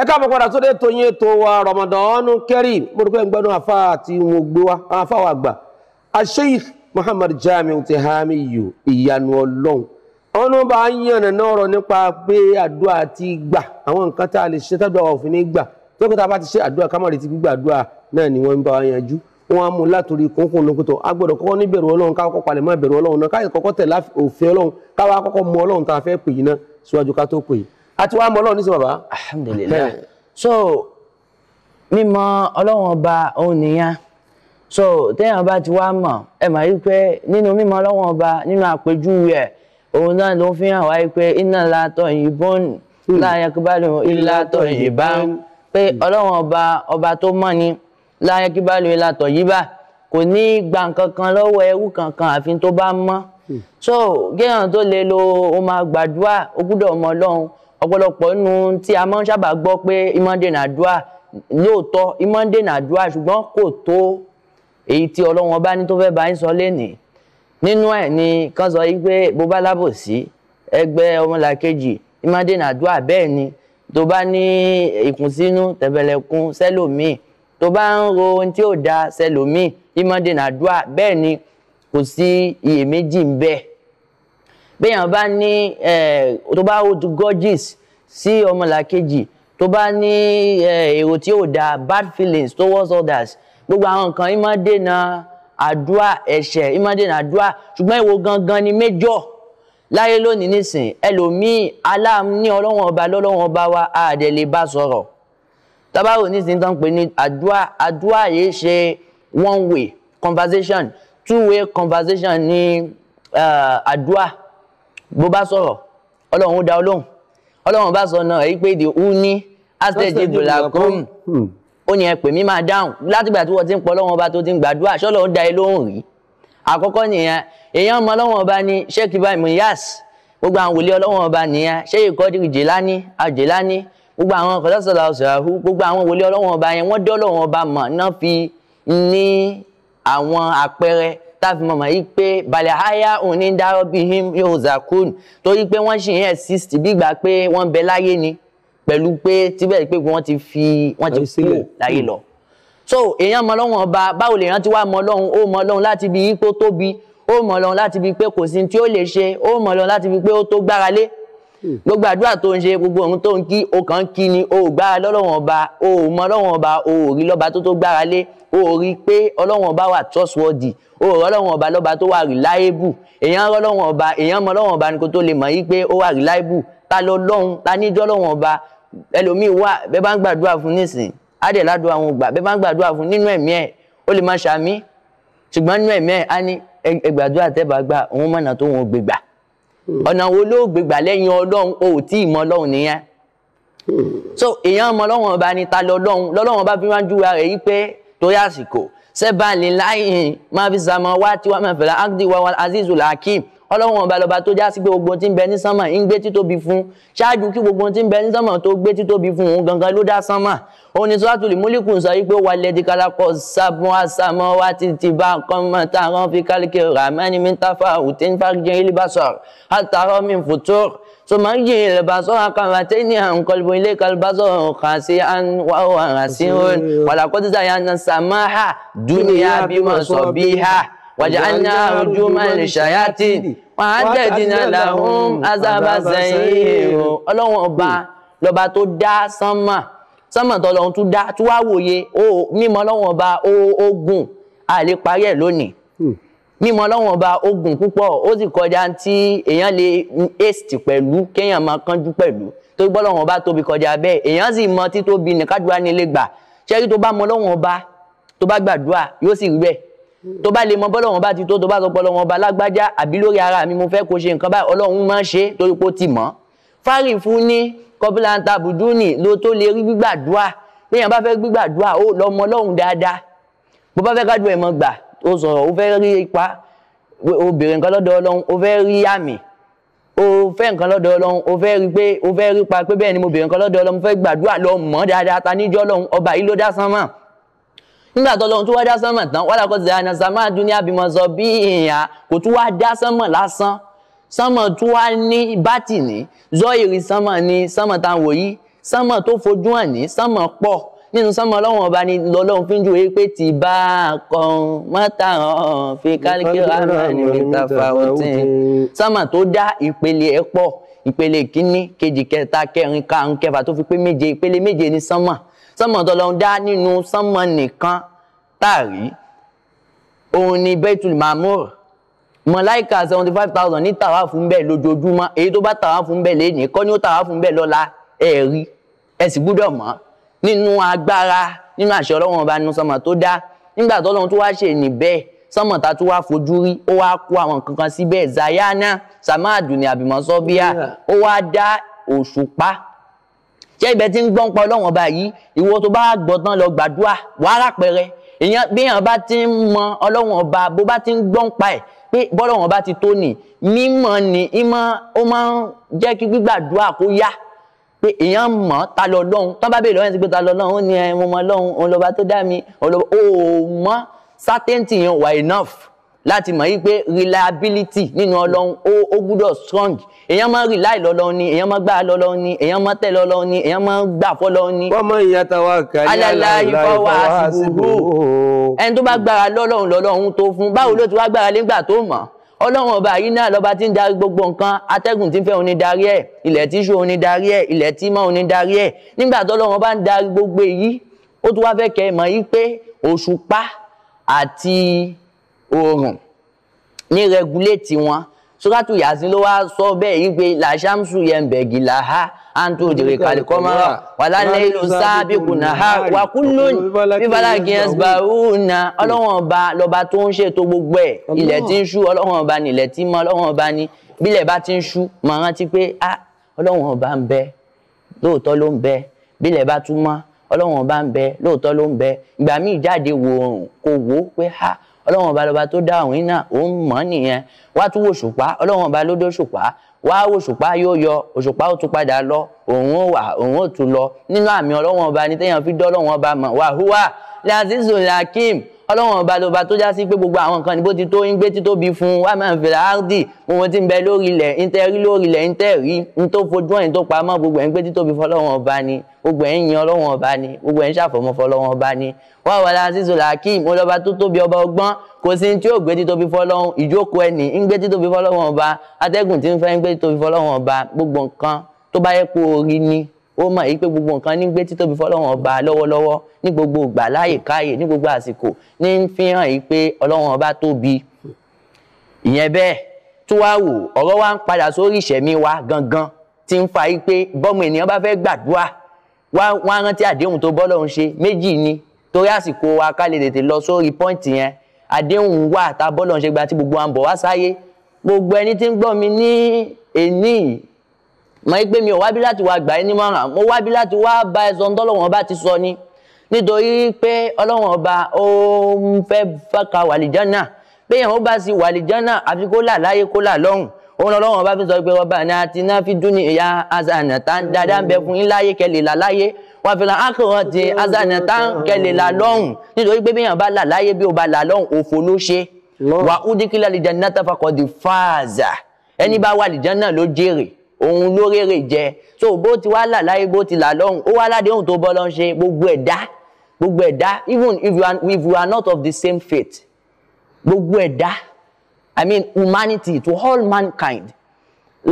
ẹ káàbọ̀ padà tó dé tóyin ètò wa Ramadan Kareem mọ̀rọ̀ pé ń gbẹ́nu àti wọn wa àwọn wa gbà Sheikh Muhammad Jamiu ti hami yò ìyanu ọlọ́run ọ̀nà bá ń yànnà náà rọ̀ nípa pé àdúrà ti gbà àwọn nǹkan tá a lè ṣe tábìlì àwọn òfin ní gbà tó kó bá ti ṣe àdúrà ká má gbígbà àdúrà náà ni wọ́n ń bá wa yanjú wọn á mú látòrí kónkón lókòtò a gbọ́dọ̀ kọ́kọ́ ní bẹ̀rù Ọlọ́run ká kọ́kọ́ palẹ̀ mọ́ bẹ̀rù Ọlọ́run náà ká kọ́kọ́ tẹ̀lé òfin Ọlọ́run ká wá kọ́kọ́ mọ tá a fẹ́ pè yín náà síwájú ká tó pè yín àti wàá mọ ọlọ́run nísìnyí bàbá. alhamdulilayi so mímọ̀ ọlọ́run ọba òun nìyẹn so téèyàn bá ti wá mọ̀ ẹ mà rí pé nínú mímọ̀ ọlọ́run ọba nínú àpèjúwe ẹ̀ òun náà ló fi hàn wáyé pé iná látọ̀ ìbọn láàyè kíbalù ìlàtọ̀ ìbá pé ọlọ́run ọba ọba tó mọ̀ ni láàyè kíbalù ìlàtọ̀ yìí bá kò ní gba nǹkan lọ́wọ́ ẹrú kankan àfi tó bá mọ́ hmm. so géèyàn tó lè lo ó máa ó gbúdọ̀ mọ ọlọ́run ọ̀pọ̀lọpọ̀ nu tí a máa ń sábà gbọ́ pé imande nàdúà lóòótọ́ imande nàdúà ṣùgbọ́n kò tó èyí tí Ọlọ́run ọba ní tó fẹ́ bá ń sọ lénìí nínú ẹ̀ ni kan sọ yìí pé bó bá lábòsí ẹgbẹ́ ọmọlàkejì imande nàdúà bẹ́ẹ̀ ni tó bá ní ìkùnsínú tẹ̀bẹ̀lẹ̀kun sẹ́lòmíì tó bá ń ro ohun tí ò da sẹ́lòmíì imande nàdúà bẹ́ẹ̀ ni kò sí iyèméjì ń bẹ́ẹ̀ béèyàn bá ní tó bá hold grudges sí ọmọlàkejì tó bá ní èrò tí ò dáa bad feelings towards others gbogbo àwọn nǹkan yìí máa dènà àdúrà ẹ̀ṣẹ̀ yìí máa dènà àdúrà ṣùgbọ́n èwo gangan ni méjọ́ láyé lónìí nísìn ẹlòmíì aláàmú ní ọlọ́wọ́n ọba lọ́lọ́wọ́n ọba wa àdẹ̀ lè bá sọ̀rọ̀ tábàrò nísìn tán pè ní àdúrà àdúrà yìí ṣe one way conversation two way conversation ní àdúrà bó bá sọ̀rọ̀ ọlọ́run ó dá ọ ọlọ́run bá sọ náà èyí pé the uni asitẹ́jì bùlàkùn ó ní ẹ pè mí máa dáhùn látìgbà tí wọ́n ti ń pọ̀ ọlọ́run ọba tó ti ń gbàdúrà ṣọ́lọ́ ń da ẹ lóhùn rí àkọ́kọ́ nìyẹn èèyàn ọmọ ọlọ́run ọba ni sheikh ibrahim yas gbogbo àwọn wòlíì ọlọ́run ọba nìyẹn sheikh kọ́dírì jìlání àjìlání gbogbo àwọn kọ́sọ́sọ́lá ọ̀sọ̀ràhù gbogbo àwọn wòlíì ọlọ́run ọba yẹn wọ́n dé ọlọ́run ọba mọ̀ náà fi ní àwọn àpẹẹrẹ táfi mọ̀mọ́ yìí pé balẹ̀ háyà òní dárọ́ bíi him yóò zakun torí pé wọ́n sì ń exist bígbà pé wọ́n bẹ láyé ni pẹ̀lú pé tíbẹ̀ pé wọ́n ti fi wọ́n ti kú láyé lọ. so èèyàn mọ lọ́wọ́n ọba báwo lèèyàn ti wá mọ lọ́hùn ó mọ lọ́hùn láti ibi yìí pé ó tóbi ó mọ lọ́hùn láti ibi pé kò sí tí ó lè ṣe ó mọ lọ́hùn láti ibi pé ó tó gbára lé gbogbo àdúrà tó ń ṣe gbogbo ohun tó ń kí o kàn ń kí ni o gbá lọ́lọ́wọ́n ọba o mọ lọ́wọ́n ọba o rí lọ́ba tó tó gbára lé o rí pé ọlọ́wọ́n ọba wà trustworthy o rọ́ lọ́wọ́n ọba lọ́ba tó wà reliable èèyàn rọ́ lọ́wọ́n ọba èèyàn mọ lọ́wọ́n ọba ni kò tó lè mọ̀ yí pé ó wà reliable ta lọ lọ́hun ta níjọ́ lọ́wọ́n ọba ẹlòmíì wà bẹ́ẹ̀ bá ń gbàdúrà fún nísìn adẹ̀ ládùn àwọn ògbà bẹ́ẹ̀ bá ń gbàdúrà fún nínú ẹ̀mí ẹ̀ ó lè má ṣàmí ṣùgbọ́n nínú ẹ̀mí ẹ̀ á ní ẹgbàdúrà tẹ́ bá gbà òun mọ̀nà tó wọn ò gbégbà ọ̀nà wo ló gbégbà lẹ́yìn ọlọ́run o ò tí ì mọ ọlọ́run nìyẹn so èèyàn mọ ọlọ́run ọba ni ta lọ lọ́lọ́run ọba fi máa ń júwe rẹ̀ yí pé torí àsìkò sẹ́bàlì láyìn máa fi sàmọ́ wá tiwa máa fẹ̀lá ágídì wa wal azizul ọlọ́run ọba lọba tó já sí pé gbogbo tí ń bẹ ní sánmà ń gbé títóbi fún ṣáájú kí gbogbo tí ń bẹ ní sánmà tó gbé títóbi fún òun gangan ló dá sánmà òun ni sọ́tùlì múlíkù sọ wípé wà lẹ́dí kálákọ̀ sábọ́n àsámọ́ wá ti bá kan mọ́ táwọn fi kálíkì rà mẹ́ni mi táfà òtí ń fàájì ilé bá sọ̀rọ̀ àtàrọ̀ mi fòtó sọmájì ilé bá sọ̀rọ̀ kàmá tẹ́ ní àwọn kọlùbọ̀ ilé kàlùbá sọ̀rọ̀ kà sí àwọn àrà sí òun wàlàkọ́tìtà yà ń sàmáhà dúnìyà bímọ sọ bí ha. وجعلنا رجوما للشياطين وأعتدنا لهم عذاب السعير ọlọ́run ọba lọ́ba tó dá sánmà sánmà tọ́lọ́run tún dá tún wá wòye mímọ́ ọlọ́run ọba ogun a lè parí ẹ̀ lónìí hmm. mímọ́ ọlọ́run ọba ogun púpọ̀ ó sì kọjá tí èèyàn lè haste pẹ̀lú kéèyàn máa kánjú pẹ̀lú tó gbọ́ ọlọ́run ọba tóbi kọjá bẹ́ẹ̀ èèyàn sì mọ títóbi nìkájúwa nílé gbà ṣẹ́rí tó bá mọ ọlọ́run ọba tó bá gbàdúrà yóò sì rí bẹ́ẹ̀ tó bá lè mọ bọ́lọ̀ wọn bá ti tó tó bá sọ pọ́lọ́ wọn bá lágbájá àbí lórí ara mi mo fẹ́ kó ṣe nǹkan báyìí ọlọ́run máa ń ṣe torí pé ó ti mọ̀ fárì fún ní kọbíláńtà bùdúnì ló tó lè rí gbígbàdúrà péyàn bá fẹ́ gbígbàdúrà ó lọ́mọ ọlọ́run dáadáa bó bá fẹ́ kájú ẹ̀ mọ́ gbà ó sọ̀rọ̀ ó fẹ́ rí ipa ó béèrè nǹkan lọ́dọ̀ ọlọ́run ó fẹ́ rí àmì ó fẹ́ nǹkan lọ́dọ̀ ọlọ́run ó fẹ́ rí pé ó fẹ́ rí pa pé bẹ́ẹ̀ ni mo béèrè nǹkan lọ́dọ̀ ọlọ́run mo fẹ́ gbàdúrà lọ mọ́ dáadáa ta níjọ́ ọlọ́run ọba yìí ló dá sánmọ̀ nígbà tó lọ́run tó wá dá sánmọ̀ tán wàhálà kọ́ sí àná sàmá dúnìá bímọ sọ bí ìhà kò tún wá dá sánmọ̀ lásán sánmọ̀ tó wá ní bátìní zọ́ọ̀yìrì sánmọ̀ ní sánmọ̀ tá à ń wò yìí sánmọ̀ tó fojú hàn ní sánmọ̀ pọ̀ nínú sánmọ̀ ọlọ́run ọba ni lọ́lọ́run fi ń júwe pé ti bá a kan mọ́ta hàn fi kálíkì ramani mẹ́ta fàwọ́tìn sánmọ̀ tó dá ìpele ẹ̀ ìpele kínní kejì kẹta kẹrin karùn kẹfà tó fi pé méje ìpele méje ní sánmọ̀ sánmọ̀ tọ́lọ́run dá nínú sánmọ̀ nìkan táàrí òun ni Baitul Mamur mọ̀láìkà seventy five thousand ní tàwa fún bẹ́ẹ̀ lójoojúmọ́ èyí tó bá tàwa fún bẹ́ẹ̀ lénìí kọ́ ni ó tàwa fún bẹ́ẹ̀ lọ́la ẹ̀ rí ẹ̀ sì gbúdọ̀ mọ̀ nínú agbára nínú àṣẹ ọlọ́run ọba nínú sánmọ̀ tó dá nígbà tọ́lọ́run tó wá ṣe níbẹ̀ sánmọ̀ tá tó wá fojú rí ó wá kó àwọn kankan síbẹ̀ zayana samadu ni àbímọ sọ́bíà ó wá dá òṣùpá ṣé ibẹ̀ tí ń gbọ́n pa ọlọ́run ọba yìí ìwọ tó bá gbọ́ tán lọ gbàdúrà wàá rápẹrẹ èèyàn bí èèyàn bá ti ń mọ ọlọ́run ọba bó bá ti ń gbọ́n pa ẹ̀ pé bọ́lọ́run ọba ti tó nì mímọ̀ ni ìmọ̀ ó máa ń jẹ́ kí gbígbàdúrà kó yá pé èèyàn mọ̀ ta lọ lọ́hun tó bá bèèrè lọ́yìn sí pé ta lọ lọ́hun ó ní ẹ̀wọ̀n mọ lọ́hun òun lọ́ba tó dá mi òun lọ́ba ó mọ̀ certainty yẹn wà enough láti mọ̀ yí pé strong èèyàn máa ń rely lọ́lọ́ ni èèyàn máa ń gbà lọ́lọ́ ni èèyàn máa ń tẹ̀ lọ́lọ́ ni èèyàn máa ń gbà fọ́lọ́ ni. wọ́n mọ ìyá tàwa kàní aláìláì fọwọ́ àṣìbò ẹni tó bá gbára lọ́lọ́run lọ́lọ́run tó fún báwo ló ti wá gbára lé ńgbà tó mọ̀ ọlọ́run ọba yìí náà lọ́ba tí ń darí gbogbo nǹkan atẹ́gùn tí ń fẹ́ òní darí ẹ̀ ilẹ̀ tí ṣú òní darí ẹ̀ ilẹ̀ tí mọ́ òní darí ẹ̀ nígbà tó ọlọ́run ọba ń darí gbogbo èyí ó tún wá fẹ́ kẹ́ ẹ mọ̀ yìí pé òṣùpá àti oòrùn ní rẹguléètì wọn suratu yasin ló wá sọ bẹ́ẹ̀ yìí pé làṣàmùsù yẹn bẹ̀gì làhá àǹtó òjèrè kàlẹ́ kọ́mọ́rà wàlálẹ́ ìlú sábìkù nàhá wàkúlù bíbálà gíẹ́sì bàrúnà ọlọ́wọ́n ọba lọ́ba tó ń ṣètò gbogbo ẹ̀ ilẹ̀ tí ń ṣú ọlọ́wọ́n ọba ni ilẹ̀ tí ń mọ́ ọlọ́wọ́n ọba ni bílẹ̀ bá ti ń ṣú màá rántí pé ah ọlọ́wọ́n ọba ń bẹ lóòótọ́ ló ń bẹ bílẹ̀ bá tún mọ́ ọlọ́wọ́n ọba ń bẹ lóòótọ́ ló ń bẹ ìgbà míì jáde wo kò wò pé ah ọlọ́run ọba lọba tó dá àwọn iná òun mọ̀ nìyẹn wá tún wòṣùpá ọlọ́run ọba ló dé òṣùpá wá wòṣùpá yóò yọ òṣùpá ó tún padà lọ òun ó wà òun ó tún lọ nínú àmì ọlọ́run ọba ní téèyàn fi dọ́ ọlọ́run ọba mọ̀ wàhúwà lazizul hakim ọlọ́run ọba lọba tó já sí pé gbogbo àwọn nǹkan ni bó ti tó ń gbé títóbi fún wa máa ń fi láàrdì ohun tí ń bẹ lórí ilẹ̀ ń tẹ́ rí lórí ilẹ̀ ń tẹ́ rí ń tó fojú ẹ̀yìn tó pamọ́ gbogbo ẹ̀ ń gbé títóbi fún ọlọ́run ọba ni gbogbo ẹ̀ ń yin ọlọ́run ọba ni gbogbo ẹ̀ ń ṣàfọ̀mọ́ fún ọlọ́run ọba ni wọ́n wà lára sísọ làákì mo lọ́ba tó tóbi ọba ọgbọ́n kò sí tí yóò gbé títóbi fọlọ́run ìjókòó ẹni ń gbé títóbi fọlọ́run ọba atẹ́gùn tí ń fẹ́ ń gbé títóbi fọlọ́run ọba gbogbo nǹkan tó bá yẹ kó o rí ni ó mọ̀ yìí pé gbogbo nǹkan ní gbé títóbi fọlọ́run ọba lọ́wọ́lọ́wọ́ ní gbogbo ìgbà láàyè káàyè ní gbogbo àsìkò ní fi hàn yìí pé ọlọ́run ọba tóbi ìyẹn bẹ́ẹ̀ tó wá wò ọ̀rọ̀ wa ń padà sórí ìṣẹ̀mí wa gangan tí ń fa yìí pé bọ́mọ ènìyàn bá fẹ́ gbàdúrà wá wá rántí àdéhùn tó bọ́lọ́run ṣe méjì ni torí àsìkò wa ká lè tètè lọ sórí pọ́ǹtì yẹn àdéhùn wà tá bọ́lọ́run ṣe gba tí gbogbo à ń bọ̀ wá sáyé gbogbo ẹni tí ń gbọ́ mi ní èní mọ̀ ẹ́ pé mi ò wábí láti wá gbà ẹ́ nímọ̀ràn mo wábí láti wá bá ẹ sọ ń tọ́lọ́wọ́n ọba ti sọ ni nítorí pé ọlọ́wọ́n ọba ó ń fẹ́ fàkà wàlìjánà pé yẹn ó bá sí wàlìjánà àfi kó là láyé kó là lọ́run òun lọ́wọ́n ọba fi sọ pé ọba ní àti náà fi dún ní ìyá azànà tá dáadáa ń bẹ fún yín láyé kẹlẹ̀ là láyé wọn fi hàn ákùnrin ti azànà tá kẹlẹ̀ là lọ́run nítorí pé bí bá là láyé bí ó bá là lọ́run òfò ló ṣe wà údíkílẹ̀ àlìjánà tàfàkọ́ di fáàzà ẹni bá wà ló jèrè òun ló jẹ so bó ti wá là láyé bó ti là lọ́hùn ó wá ládéhùn tó bọ́ lọ́ ṣe gbogbo ẹ̀dá gbogbo ẹ̀dá even if you, are, if you are not of the same faith gbogbo ẹ̀dá i mean humanity to all mankind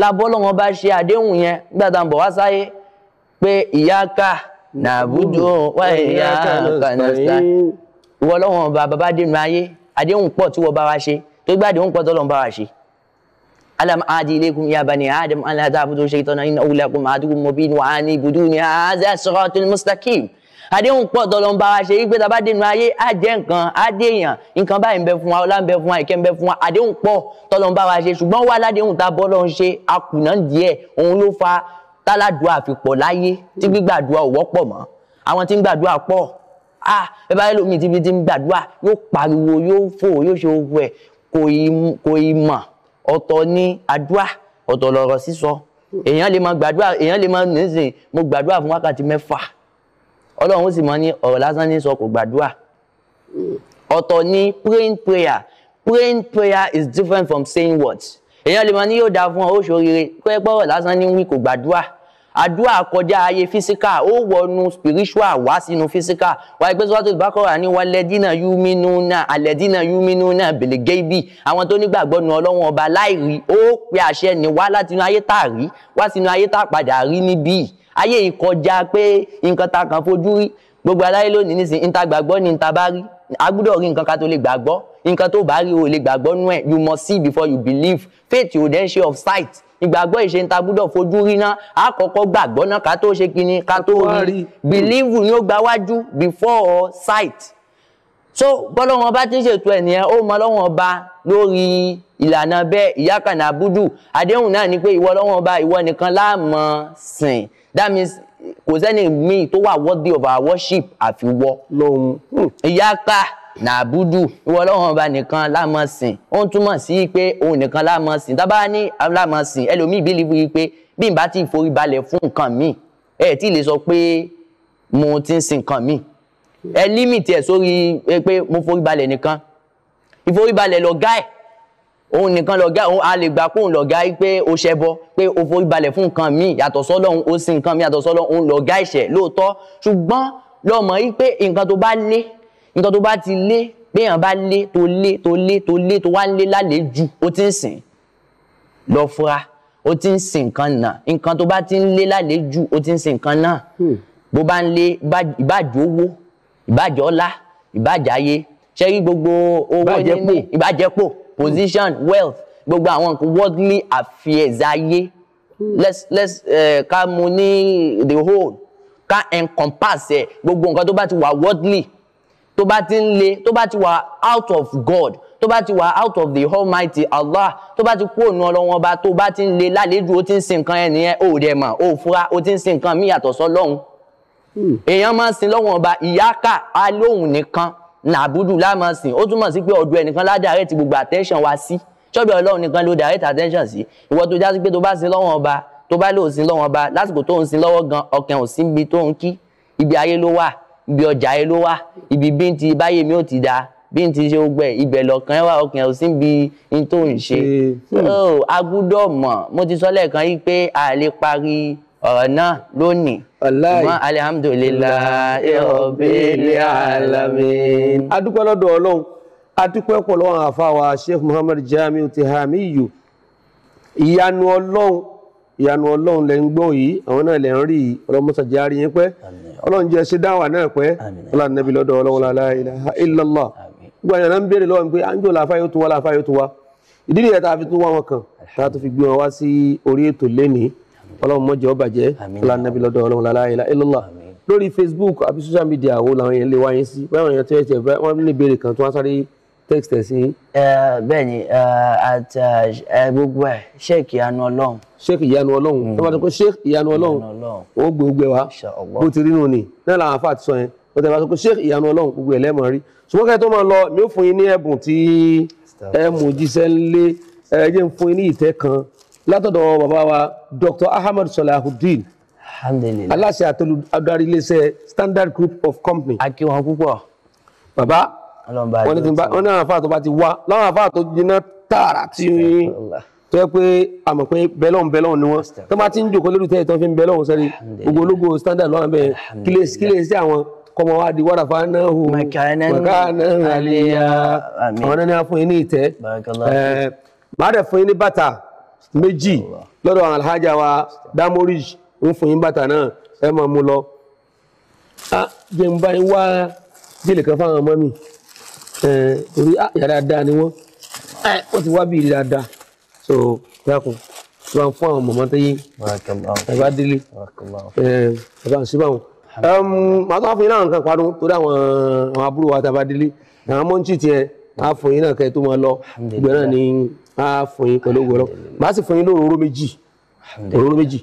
labọ́lọ́wọ́n bá ṣe àdéhùn yẹn gbàdá bọ̀ wá sáyé pé ìyá ká nàbùdó wá ìyá ká nàbùdó wọ́n lọ́wọ́n bá bàbá dénú ayé àdéhùn pọ̀ tí wọ́n bá wá ṣe tó gbàdéhùn pọ̀ tó bá wá ṣe. ألم أعد إليكم يا بني آدم ألا تعبدوا الشيطان إنه لكم عدو مبين وأعبدوني هذا الصراط المستقيم àdéhùn pọ̀ tọ́lọ́ ń bá wa ṣe yí pé tá a bá dénú ayé á jẹ́ nǹkan á déèyàn nǹkan báyìí ń bẹ wa ọlá ń bẹ wa ìkẹ́ ń bẹ wa àdéhùn pọ̀ tọ́lọ́ ń bá wa ṣe ṣùgbọ́n wà ládéhùn tá a bọ́ lọ́n ṣe akùnà díẹ̀ òun ló fa táládùá àfipọ̀ láyé tí gbígbàdùá ò wọ́pọ̀ mọ́ àwọn tí ń gbàdùá pọ̀ ah ẹ bá lómi tí ń gbàdùá yóò pariwo yóò fò yóò ṣe gbogbo ẹ̀ kò ì mọ̀ ọ̀tọ̀ ni àdúrà ọ̀tọ̀ lọ̀rọ̀ sísọ èèyàn lè máa gbàdúrà èèyàn lè máa nìsín mo gbàdúrà fún wákàtí mẹ́fà ọlọ́run sì máa ní ọ̀rọ̀ lásán ní sọ kò gbàdúrà ọ̀tọ̀ ni praying prayer praying prayer is different from saying words èèyàn lè máa ní yóò dáa fún ọ ó ṣoríire kó ẹ pọ́rọ̀ lásán ní wí kò gbàdúrà àdúrà kọjá ayé físíkà ó wọnú spiritual wá sínú físíkà wáyé pé sọ́wọ́tò ìbákọ́ra ní walẹ́dínà yúmínú náà alẹ́dínà yúmínú náà bèlègébì àwọn tó nígbàgbọ́ nu ọlọ́run ọba láìrí ó pe àṣẹ ní wá látinú ayé tá a rí wá sínú ayé tá a padà rí níbí ayé ìkọjá pé nǹkan ta kàn fojú rí gbogbo aláyé lónìí nísìnyí níta gbàgbọ́ ni níta bá rí a gbúdọ̀ rí nǹkan ká tó lè gbàgbọ́ nǹkan tó bá rí o lè gbàgbọ́ nú ẹ̀ you must see before you believe faith ò dẹ́n ṣe of sight ìgbàgbọ́ ìṣe ta gbúdọ̀ fojú rí ná a gbàgbọ́ náà ká tó ṣe kíni ká tó rí believe ni ó gba wájú before sight so bọ́lọ́wọ́n bá ti ń ṣètò ẹ̀ nìyẹn ó mọ lọ́wọ́n ọba lórí ìlànà bẹ́ẹ̀ ìyákànnà búdù àdéhùn náà ni pé ìwọ lọ́wọ́n ọba ìwọ nìkan láàmọ́ sìn that means kò sẹ́ni míì tó wà worthy of our worship àfiwọ́ lòun ìyáka. Hmm nàbúdù ìwọ ọlọ́run ọba nìkan lámọ̀sìn ó ń túmọ̀ sí pé òun nìkan lámọ̀sìn tá a bá ní lámọ̀sìn ẹlòmíì bí libu yìí pé bí n bá ti forí balẹ̀ fún nǹkan míì ẹ tí lè sọ pé mo ti ń sin nǹkan míì ẹ límìtì ẹ sórí pé mo forí balẹ̀ nìkan ìforí balẹ̀ lọ̀gá ẹ̀ òun nìkan lọ̀gá òun a lè gbà pé òun lọ̀gá yìí pé o ṣẹbọ pé o forí balẹ̀ fún nǹkan míì yàtọ̀ sọ́lọ́run ó sin nǹkan míì yàtọ̀ sọ́lọ́run òun lọ̀gá ẹ̀ṣẹ̀ lóòótọ́ ṣùgbọ́n lọ́mọ yìí pé nǹkan tó bá nǹkan tó bá ti lé béèyàn bá lé tó lé tó lé tó lé tó wá lé lálẹ́ jù ó ti ń sìn lọ fura ó ti ń sìn nǹkan náà nǹkan tó bá ti ń lé lálẹ́ jù ó ti ń sìn nǹkan náà hmm. bó bá ń lé ìbàjẹ́ owó ìbàjẹ́ ọlá ìbàjẹ́ ayé ṣé rí gbogbo owó níní ìbàjẹ́pò position wealth gbogbo àwọn nǹkan worldly affairs ayé hmm. let's let's eh, ká mu ní the whole ká encompass ẹ gbogbo nǹkan tó bá ti wà worldly tó bá ti ń le tó bá ti wà out of God tó bá ti wà out of the almighty Allah tó bá ti kú òun ọlọ́wọ́n ọba tó bá ti ń le lálejò ó ti ń sin nǹkan ẹnìyẹn ó dẹ̀ mọ̀ ó fura ó ti ń sin nǹkan míì yàtọ̀ sọ́lọ́hun hmm. èèyàn máa ń sin lọ́wọ́n ọba ìyáka alóhùn nìkan nàbúdù lámàsìn ó túmọ̀ sí pé ọ̀dọ̀ ẹnìkan ládàárẹ̀ ti gbogbo attention wa sí ṣọ́bẹ̀ ọlọ́run nìkan ló direct attention sí ìwọ tó já sí pé tó bá sin lọ́wọ́n ọba tó bá lè sin lọ́wọ́n ọba lásìkò tó ń sin lọ́wọ́ gan ọkàn ò sí ibi tó ń kí ibi ayé ló wà ibi ọjà yẹn ló wá ibi bí n ti báyé mi ò ti da bí n ti ṣe gbẹ ibẹ̀ lọ́kàn ẹ wá ọkàn ẹ ò sí bí n tó ń ṣe so a gbúdọ̀ mo ti sọ lẹ́ẹ̀kan yìí pé a lè parí ọ̀rọ̀ náà lónìí. ṣùgbọ́n alihamudulilayi rabbil alamin. a dúpẹ́ lọ́dọ̀ ọlọ́run a dúpẹ́ pọ̀ àfa wa sheikh muhammad jamiu tihamiyu ìyanu ọlọ́run ìyanu ọlọ́run lẹ ń gbọ́ yìí àwọn náà lẹ ń rí yìí ọlọ́mọsà jẹ́ àárín yín pẹ́ ọlọ́run jẹ́ ṣe dáwà náà pẹ́ ọlọ́run nàbí lọ́dọ̀ ọlọ́run la ilaha illallah gbogbo àyàn náà ń béèrè lọ́wọ́ pé àńjọ làáfà yóò tó wá làáfà yóò tó wá ìdí nìyẹn tá a fi tún wá wọn kàn tá a tún fi gbé wọn wá sí orí ètò lẹ́ni ọlọ́run mọ́jọ ọba jẹ́ ọlọ́run nàbí lọ́dọ̀ ọlọ́run la Facebook àbí social media wo làwọn yẹn lè wáyé sí báwọn yẹn tẹ́ text ẹ sí. bẹ́ẹ̀ ni at gbogbo ẹ̀ sheik ìyanu ọlọ́run. sheik ìyanu ọlọ́run mm. tó bá tó kó sheik ìyanu ọlọ́run ó gbé ogbé wa bó ti rí nù ni náà làwọn afa ti sọ yẹn ó tẹ̀ bá tó kó sheik ìyanu ọlọ́run gbogbo ẹ̀ lẹ́mọ̀ rí. ṣùgbọ́n kẹ́kẹ́ tó máa lọ mi ò fún yín ní ẹ̀bùn tí ẹ mú jíṣẹ́ lé ẹ jẹ́ ń fún yín ní ìtẹ́ kan látọ̀dọ̀ bàbá wa Dr. Ahmed Salahuddin aláṣẹ àtolúdarí iléeṣẹ́ Standard Group of Company. a kí wọn púpọ̀. bàbá wọ́n ní ti bá wọ́n ní àwọn afáà tó bá ti wá láwọn afáà tó jiná tààrà tí tó yẹ pé àmọ̀ pé bẹ́lọ̀n bẹ́lọ̀n ni wọ́n tó bá ti ń jòkó lórí tẹ́lẹ̀ tó fi ń bẹ́lọ̀n sẹ́ni gbogbo ológo standard lọ́wọ́ bẹ́ẹ̀ kílèsí kílèsí àwọn kọmọ wa di wàrà makanan aliya àwọn náà ni a fún yín ní ìtẹ́ máa dẹ̀ fún alhaja wa damorij ń fún yín bàtà náà ẹ máa mú lọ. jẹ́ ń bá orí ah, dáadáa ni wọ́n wọ́n ti wá bí ilé dáadáa so dákun tí wọ́n fún àwọn mọ̀mọ́ tó yé ẹ̀bá délé ẹ̀bá ṣíbà wọn. màá tó wá fún yín náà nǹkan parun torí àwọn àbúrò wa tàbá délé àwọn mọ́ńtì tiẹ̀ á fún yín náà kẹ́ tó máa lọ ìgbẹ́ náà ni á fún yín pẹ̀lú ògbọ́n màá sì fún yín lóróró méjì òróró méjì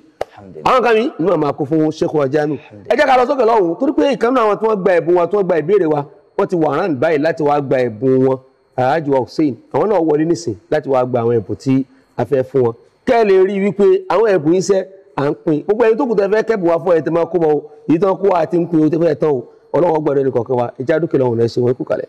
àwọn kan mi inú àmà kó fún Sheikh Jamiu ẹ jẹ́ ká lọ sókè lọ́hùn torí pé ìkànnì àwọn tí wọ́n gba ẹ̀bùn wa tí wọ́n gba ìbéèrè wa wọ́n ti wà rán báyìí láti wá gba ẹ̀bùn wọn alhaji wa hussein àwọn náà wọlé nísìn láti wá gba àwọn ẹ̀bùn tí a fẹ́ fún wọn kẹ́ ẹ lè rí i wípé àwọn ẹ̀bùn yìí sẹ́ à ń pín gbogbo ẹni tó kù tẹ́ fẹ́ kẹ́bùn wá fún ẹ̀ tẹ́ máa kó mọ́ o èyí tán kó wa àti ń pín o tẹ́ fẹ́ tán o ọlọ́wọ́n gbọ́dọ̀ ẹnì kọ̀ọ̀kan wa ìjà dúkìá lọ́wọ́n